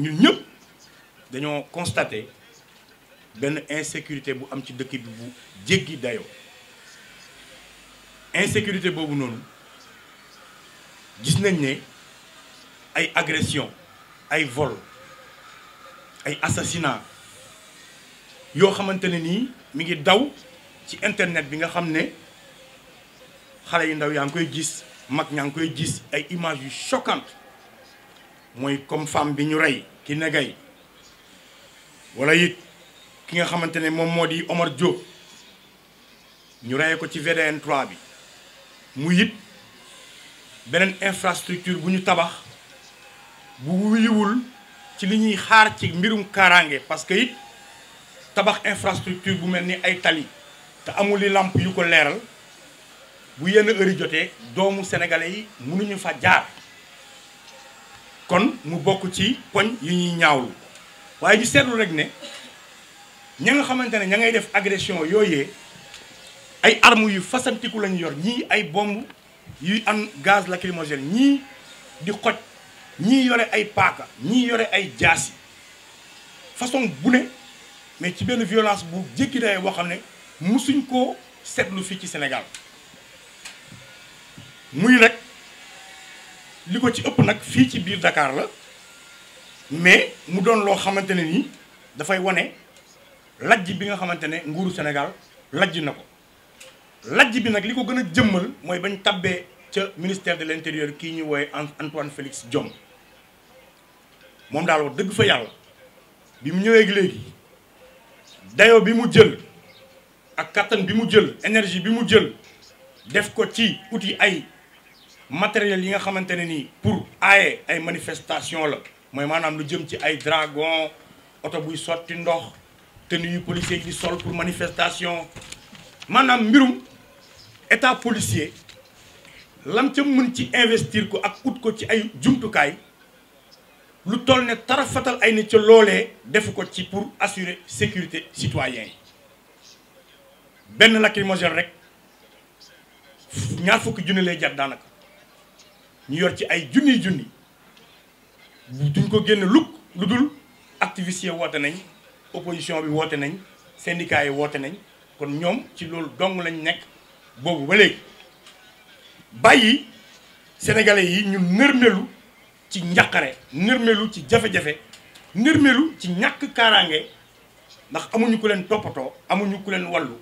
ñu ñëpp dañoo constaté benn insécurité bu am ci dëkk bi bu jéggi dayoo insécurité boobu noonu gis nañ ne ay agression ay vol ay assassinat yoo xamante ne nii mi ngi daw ci internet bi nga xam ne xale yu ndaw yaa ngi koy gis mag ñaa ngi koy gis ay images yu choquantes mooy comme femme bi ñu rey di Nagay wala it ki nga xamante ne moom moo di Omar Diop ñu reye ko ci VDN 3 bi mu it beneen infrastructure bu ñu tabax bu wuyuwul ci li ñuy xaar ci mbirum kaaraange parce que tabax infrastructure bu mel ni ay tali te amul li làmp yu ko leeral bu yenn heure jotee doomu sénégalais yi mënuñu fa jaar kon mu bokk ci poñ yu ñuy ñaawlu waaye ñu seetlu rek ne ña nga xamante ne ña ngay def agression yooyee ay armes yu fasantiku lañu yor ñii ay bomb yuy am gaz lacrymogène ñii di xoj ñii yore ay paaka ñii yore ay jaasi façon bu ne mais ci benn violence bu jékki day boo xam ne musuñ koo seetlu fii ci Sénégal muy rek li ko ci ëpp nag fii ci biir Dakar la mais mu doon loo xamante ne nii dafay wane lajj bi nga xamante ne nguuru Sénégal lajj na ko lajj bi nag li ko gën a jëmmal mooy bañ tabbee ca ministère de l'intérieur kii ñuy wooye Antoine Félix Diome moom daal wax dëgg fa yàlla bi mu ñëwee léegi dayo bi mu jël ak kattan bi mu jël énergie bi mu jël def ko ci uti ay matériel yi nga xamante ne nii pour aaye ay manifestation la mooy maanaam lu jëm ci ay dragon oto buy sotti ndox te yu policier yi di sol pour manifestation maanaam mbirum état policier lam ca mën ci investir ko ak ut ko ci ay jumtukaay lu toll ne tarafatal ay nit ci loolee defu ko ci pour assurer sécurité citoyen yi benn lacrymogène rek ñaar fukki junne lay jat daanaka ñu yor ci ay junniy junni duñ ko génn lukk lu dul activiste yi woote nañ opposition bi woote nañ syndicat yi woote nañ kon ñoom ci loolu dong lañ nekk boobu ba léegi bàyyi sénégalais yi ñu nërmelu ci njàqare nërmelu ci jafe-jafe nërmelu ci ñàkk kaaraange ndax amuñu ku leen toppatoo amuñu ku leen wallu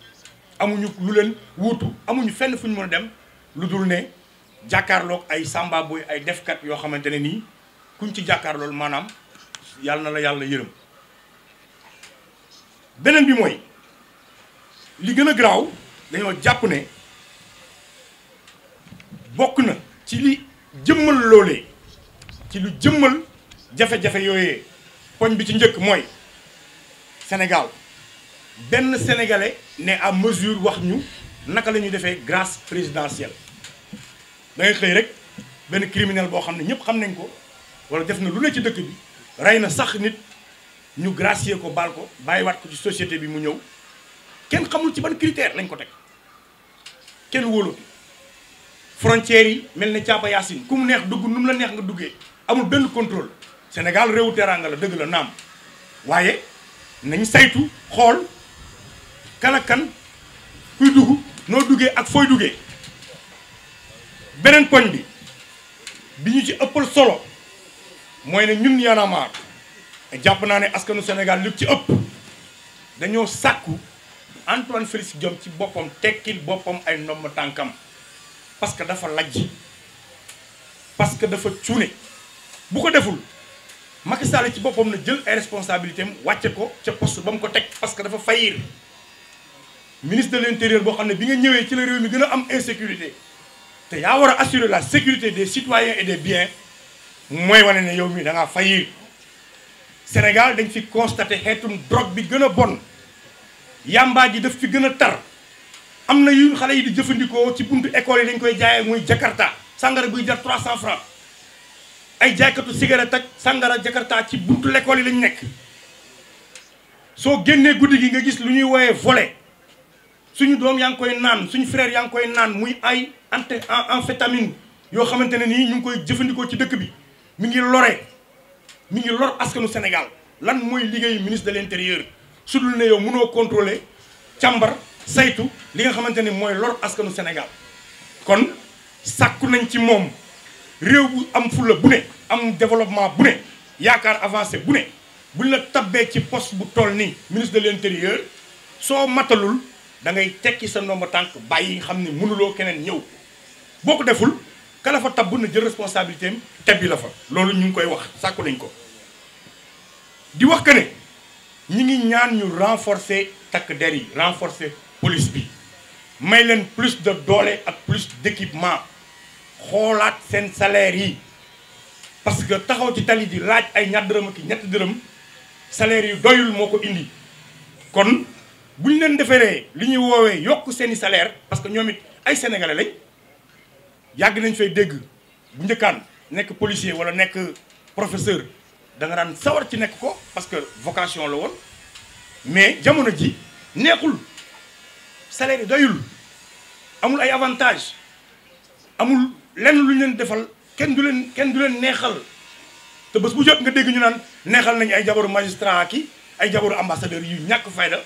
amuñu lu leen wuutu amuñu fenn fu ñu mën a dem lu dul ne jàkkaarlook ay samba ay defkat yoo xamante ne nii kuñ ci jàkkaarlool maanaam yàlla na la yàlla yërëm beneen bi mooy li gën a garaaw dañoo jàpp ne bokk na ci li jëmmal loolee ci lu jëmmal jafe-jafe yooyee poñ bi ci njëkk mooy Sénégal benn sénégalais ne à mesure wax ñu naka la ñuy defee grâce présidentielle da xëy rek benn criminel boo xam ne ñëpp xam nañ ko wala def na lu ne ci dëkk bi rey na sax nit ñu gracier ko baal ko bàyyiwaat ko ci société bi mu ñëw kenn xamul ci ban critère lañ ko teg kenn wóolootu frontières yi mel ni caaba yaasin ku mu neex dugg nu mu la neex nga duggee amul benn contrôle Sénégal réewu teraanga la dëgg la naam waaye nañ saytu xool kan ak kan noo duggee ak fooy duggee beneen poñ bi bi ñu ci ëppal solo mooy ne ñun Y'en jàpp naa ne askanu senegal lu ci ëpp dañoo sàkku Antoine Félix Diome ci boppam tekkil boppam ay ndomb tànkam parce que dafa lajj parce que dafa cuune bu ko deful Macky Sall ci boppam na jël ay responsabilité wàcce ko ca post ba mu ko teg parce que dafa fayir ministre de l'intérieur boo xam ne bi nga ñëwee ci la réew mi gën a am insécurité te yaa war a assurer la sécurité des citoyens et des biens mooy wane ne yow mii da fay Sénégal dañ fi constaté xeetum drogue bi gën a bon yàmbaa ji daf fi gën a tar am na yu xale yi di jëfandikoo ci buntu école yi dañ koy jaayee muy Jakarta sangara buy jar 300 francs ay jaaykatu cigarette ak sàngara Jakarta ci buntu l'école yi lañu nekk soo génnee guddi gi nga gis lu ñuy woowee volet suñu doom yaa ngi koy naan suñu frère yaa ngi koy naan muy ay ante amphétamine yoo xamante ne nii ñu ngi koy jëfandikoo ci dëkk bi mi ngi lore mi ngi lor askanu Sénégal lan mooy liggéeyu ministre de l'intérieur su dul ne yow mënoo contrôler càmbar saytu li nga xamante ni mooy lor askanu Sénégal kon sàkku nañ ci moom réew bu am fulla bu ne am développement bu ne yaakaar avancé bu ne buñ la tabbee ci post bu toll nii ministre de l'intérieur soo matalul da ngay tekki sa ndomba tànk bàyyi xam ne mënuloo keneen ñëw boo ko deful kala fa na jël responsabilité am tebbi la fa loolu ñu ngi koy wax sàkku nañ ko di wax que ne ñi ngi ñaan ñu renforcer takk der yi renforcer police bi may leen plus de doole ak plus d'équipement xoolaat seen salaire yi parce que taxaw ci tali di laaj ay ñaar dërëm ak ñetti dërëm salaire yi doyul moo ko indi kon bu ñu leen defaree li ñuy woowee yokk seeni salaire parce que ñoom it ay sénégalais lañ yàgg nañ fay dégg bu njëkkaan nekk policier wala nekk professeur da nga daan sawar ci nekk ko parce que vocation la woon mais jamono ji neexul salaire yi doyul amul ay avantage amul lenn lu ñu leen defal kenn du leen kenn du leen neexal te bés bu jot nga dégg ñu naan neexal nañ ay jabaru magistrat ki ay jabaru ambassadeur yu ñàkk fayda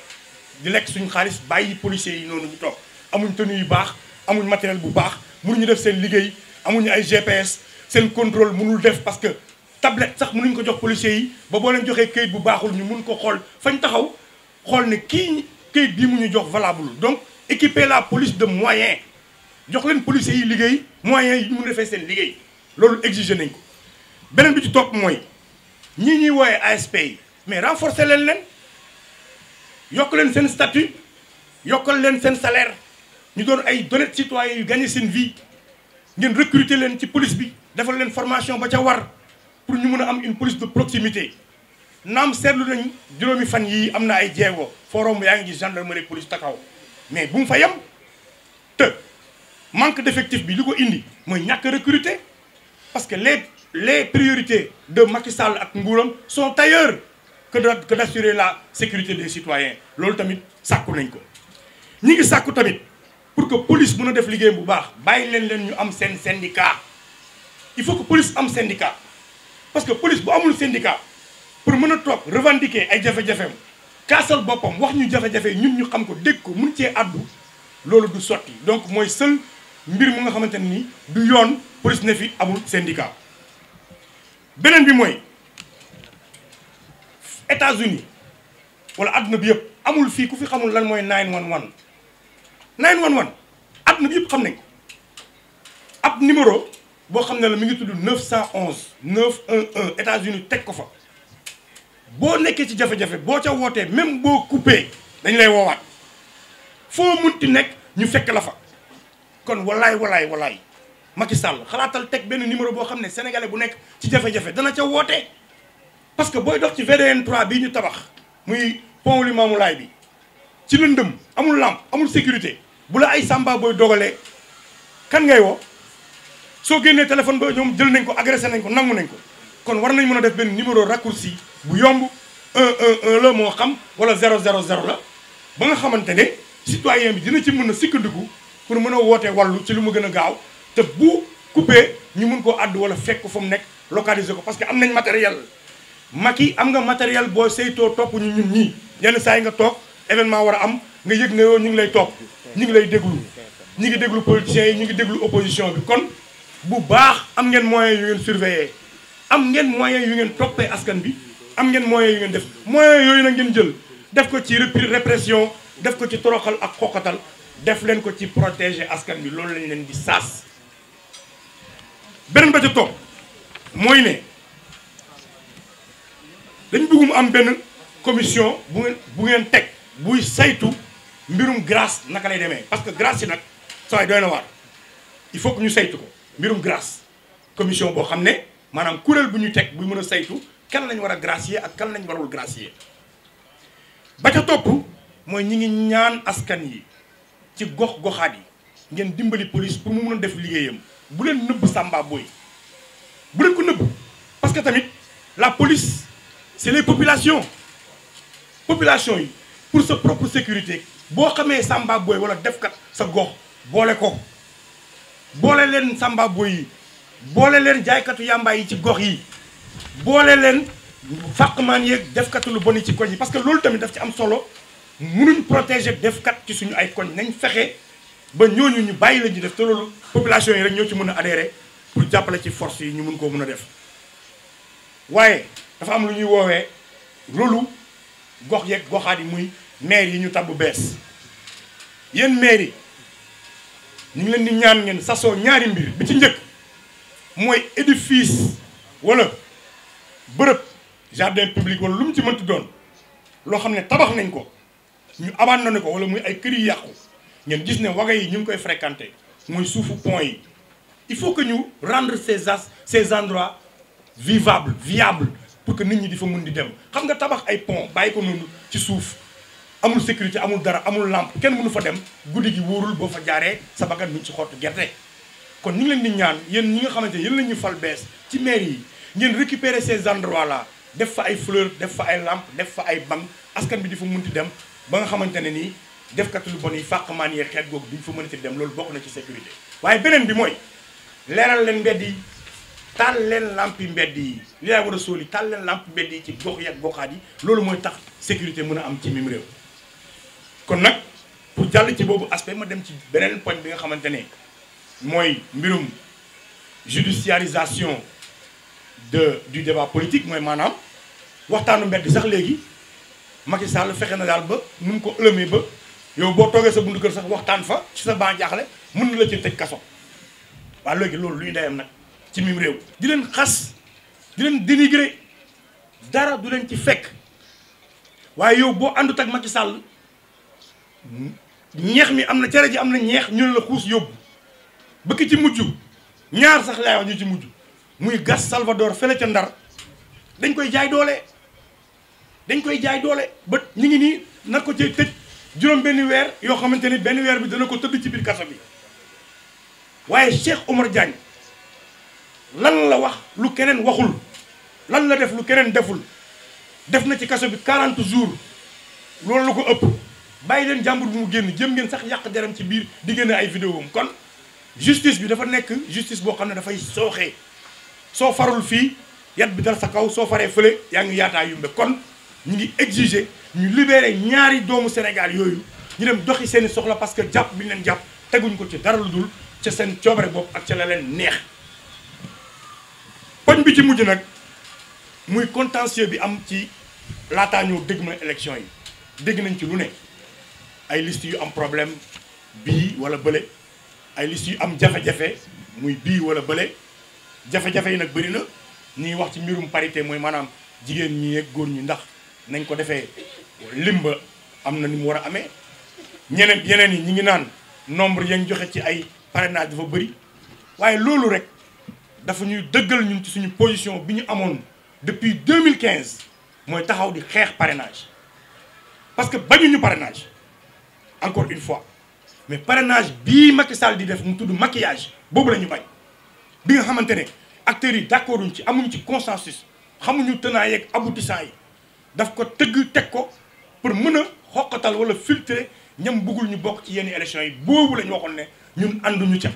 di lekk suñu xaalis bàyyi policiers yi noonu ñu toog amuñ tenue yu baax amuñ matériel bu baax ñu def seen liggéey amuñu ay GPS seen contrôle mënul def parce que tablette sax mënuñ ko jox policiers yi ba boo leen joxee kayit bu baaxul ñu mun ko xool fañ taxaw xool ne kii kayit bii mu ñu jox valable donc équiper la police de moyens jox leen policiers yi liggéey moyens yi mun defee seen liggéey loolu exiger nañ ko beneen bi ci topp mooy ñii ñuy wooyee ASP mais renforcer leen leen. yokk leen seen statut yokkal leen seen salaire ñu doon ay honnêtes citoyens yu gagné seen vie ngeen recruter leen ci police bi defal leen formation ba ca war pour ñu mun a am une police de proximité naam seetlu nañ juróomi fan yi am na ay jeego forum yaa ngi gis gendarmerie police taxaw mais bu mu fa yem te manque d'effectif bi li ko indi mooy ñàkk recruter parce que les les priorités de Macky Sall ak nguuram sont ailleurs que de que d'assurer la sécurité des citoyens loolu tamit sàkku nañ ko. ñi ngi sàkku tamit pour que police mën a def liggéeyam bu baax bàyyi leen leen ñu am seen syndicat il faut que police am syndicat parce que police bu amul syndicat pour mën a toog revendiquer ay jafe-jafeem kaasal boppam wax ñu jafe-jafe ñun ñu xam ko dégg ko mun cee àddu loolu du sotti donc mooy seul mbir mu nga xamante ni du yoon police ne fi amul syndicat beneen bi mooy. États-Unis wala adduna bi yëpp amul fii ku fi xamul lan mooy 911 911 adduna bi yëpp xam nañ ko ab numéro boo xam ne la mu ngi tudd 911 911 États-Unis teg ko fa boo nekkee ci jafe-jafe boo ca wootee même boo coupé dañ lay woowaat foo munti nekk ñu fekk la fa kon walaay walaay walaay Macky Sall xalaatal teg benn numéro boo xam ne sénégalais bu nekk ci jafe-jafe dana ca wootee parce que booy dox ci VDN 3 bii ñu tabax muy pont Limaamu Laay bi ci lëndëm amul làmp amul sécurité bu la ay samba booy dogalee kan ngay woo soo génnee téléphone boo ñoom jël nañ ko agressé nañ ko nangu nañ ko kon war nañ mën a def benn numéro raccourci bu yomb 111 la moo xam wala 000 la ba nga xamante ne citoyen bi dina ci mën a sikkandiku pour mën a wootee wàllu ci lu mu gën a gaaw te bu coupé ñu mën koo àdd wala fekk fa mu nekk localiser ko parce que am nañ matériel Macky am nga matériel boo seytoo topp ñu ñun ñii yenn saa yi nga toog événement war a am nga yëg ne yow ñu ngi lay topp ñu ngi lay déglu ñu ngi déglu politiciens yi ñu ngi déglu opposition bi kon bu baax am ngeen moyens yu ngeen surveiller am ngeen moyens yu ngeen toppee askan bi am ngeen moyens yu ngeen def moyens yooyu na ngeen jël def ko ci répression def ko ci toroxal ak xoqatal def leen ko ci protéger askan bi loolu lañ leen di saas beneen ba ca topp bëgg mu am benn commission bu ngeen bu ngeen teg buy saytu mbirum grâce naka lay demee parce que grâce yi nag saa doy na waar il faut que ñu saytu ko mbirum grâce commission boo xam ne maanaam kuréel bu ñu teg buy mën a saytu kan lañu war a yi ak kan lañu lañ warul gracier ba ca topp mooy ñi ngi ñaan askan yi ci gox goxaat yi ngeen dimbali police pour mu mën a def liggéeyam bu leen nëbb Samba Boye bu leen ko nëbb parce tamit la police c'est les populations population yi pour sa propre sécurité boo xamee samba booy wala defkat sa gox boole ko boole leen samba booy yi boole leen jaaykatu yàmbaay yi ci gox yi boole leen fàqmaan yeeg defkatu lu bon yi ci koñ yi parce que loolu tamit daf ci am solo munuñ protéger defkat ci suñu ay koñ nañ fexe ba ñooñu ñu bàyyi la ñu def te loolu population yi rek ñoo ci mën a adhérer pour jàppale ci force yi ñu mun koo mun a def waaye dafa am lu ñuy woowee loolu gox yeeg goxaat yi muy maire yi ñu tabb bees yéen maire yi ñu leen di ñaan ngeen sasoo ñaari mbir bi ci njëkk mooy édifice walla bërëb jardin public wala lu mu ci mënti doon loo xam ne tabax nañ ko ñu abandonné ko wala muy ay kër yi yàqu ngeen gis ne waga yi ñu ngi koy fréquenté mooy suufu pont yi il faut que ñu rendre ces ces endroits vivables viables pour que nit ñi di fa mun di dem xam nga tabax ay pont bàyyi ko noonu ci suuf amul sécurité amul dara amul làmp kenn mënu fa dem guddi gi wóorul boo fa jaaree sa bakkan mi ci xottu gerte kon ñu leen di ñaan yéen ñi nga xamante yéen la ñu fal bees ci maire yi ngeen récupérer ces endroits là def fa ay fleur def fa ay làmp def fa ay banc askan bi di fa ti dem ba nga xamante ne nii defkatu lu bon yi fàqmaan yee xeet googu duñ fa mënati dem loolu bokk na ci sécurité waaye beneen bi mooy leeral leen mbedd taal leen lampi mbedd yi li laay war a sóoli taal leen lampi mbedd yi ci gox yi ak goxaat yi loolu mooy tax sécurité mën a am ci mim réew kon nag pour jàll ci boobu aspect ma dem ci beneen poñ bi nga xamante ne mooy mbirum judiciarisation de du débat politique mooy maanaam waxtaanu mbedd sax léegi Macky Sall fexe na daal ba nu mu ko ëlëmee ba yow boo toogee sa buntu kër sax waxtaan fa ci sa ban jaaxle na la ci tëj kaso waaw léegi loolu luy ñu nag ci mim réew di leen xas di leen dénigrer dara du leen ci fekk waaye yow boo àndut ak ci sàll ñeex mi am na cere ji am na ñeex ñu ne la xuus yóbbu bëkk ci mujj ñaar sax laay ñu ci mujj muy gas Salvador fële ca ndar dañ koy jaay doole dañ koy jaay doole ba ñu ngi nii nar ko cee tëj juróom benn weer yoo xamante ni benn weer bi dana ko tëdd ci biir kaso bi waaye Cheikh Omar Diagne lan la wax lu keneen waxul lan la def lu keneen deful def na ci kaso bi quarante jours loolu la ko ëpp bàyyi leen jàmbur bu mu génn jëm ngeen sax yàq deram ci biir di génne ay vidéo am kon justice bi dafa nekk justice boo xam ne dafay sooxee soo farul fii yat bi dal sa kaw soo faree fële yaa ngi yaataa yumbe kon ñu ngi exiger ñu libérer ñaari doomu Sénégal yooyu ñu dem doxi seeni soxla parce que jàpp bi ñu leen jàpp teguñ ko ci dara lu dul ca seen coobare bopp ak ca la neex poñ bi ci mujj nag muy contentieux bi am ci laataa ñoo dégg ma élection yi dégg nañ ci lu ne ay liste yu am problème bii wala bële ay liste yu am jafe-jafe muy bii wala bële jafe-jafe yi nag bëri na ñuy wax ci mbirum parité mooy maanaam jigéen ñi ak góor ñu ndax nañ ko defee limba am na ni mu war a amee ñeneen yeneen yi ñi ngi naan nombre yañ joxe ci ay parrainage dafa bëri waaye loolu rek dafa ñuy dëggal ñun ci suñu position bi ñu amoon depuis mille 2015 mooy taxaw di xeex parenage parce que bañuñu parrainage encore une fois mais parenage bii Macky di def mu tudd maquillage boobu la ñu bañ bi nga xamante ne acteurs yi d'accorduñ ci amuñ ci consensus xamuñu tenants yeeg aboutissants yi daf ko tëgg teg ko pour mën a xoqatal wala filtrer ñam bëggul ñu bokk ci yenn élections yi boobu lañu ñu ne ñun ànduñu ca.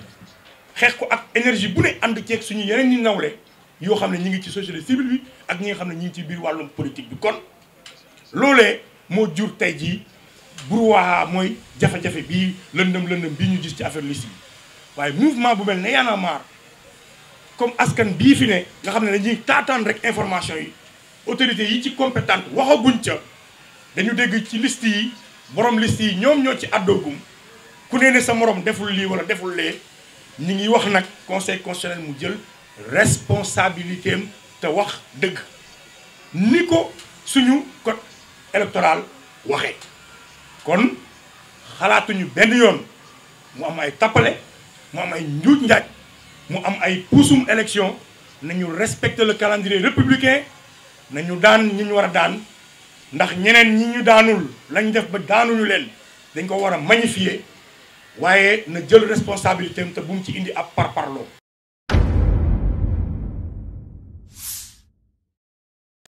xeex ko ak énergie bu ne ànd ceeg suñu yeneen ñi nawle yoo xam ne ñu ngi ci société civile bi ak ñi nga xam ne ñu ngi ci biir wàllum politique bi kon loolee moo jur tey jii brouhaha mooy jafe-jafe bii lëndëm lëndëm bii ñu gis ci affaire liste bi waaye mouvement bu mel ne Y'en a marre comme askan bii fi ne nga xam ne dañuy taataan rek information yi autorité yi ci wax waxaguñ ca dañu dégg ci liste yi borom liste yi ñoom ñoo ci àddoogum ku ne ne sa morom deful lii wala deful lee ni ngi wax nag conseil constitutionnel mu jël responsabilité te wax dëgg ni ko suñu code électoral waxee kon xalaatuñu benn yoon mu am ay tappale mu am ay njuuj njaaj mu am ay puusum élection nañu respecter le calendrier républicain nañu daan ñi ñu war a daan ndax ñeneen ñi ñu daanul lañ def ba daanuñu leen dañ ko war a magnifier waaye na jël responsabilité am te bu ci indi ab parparloo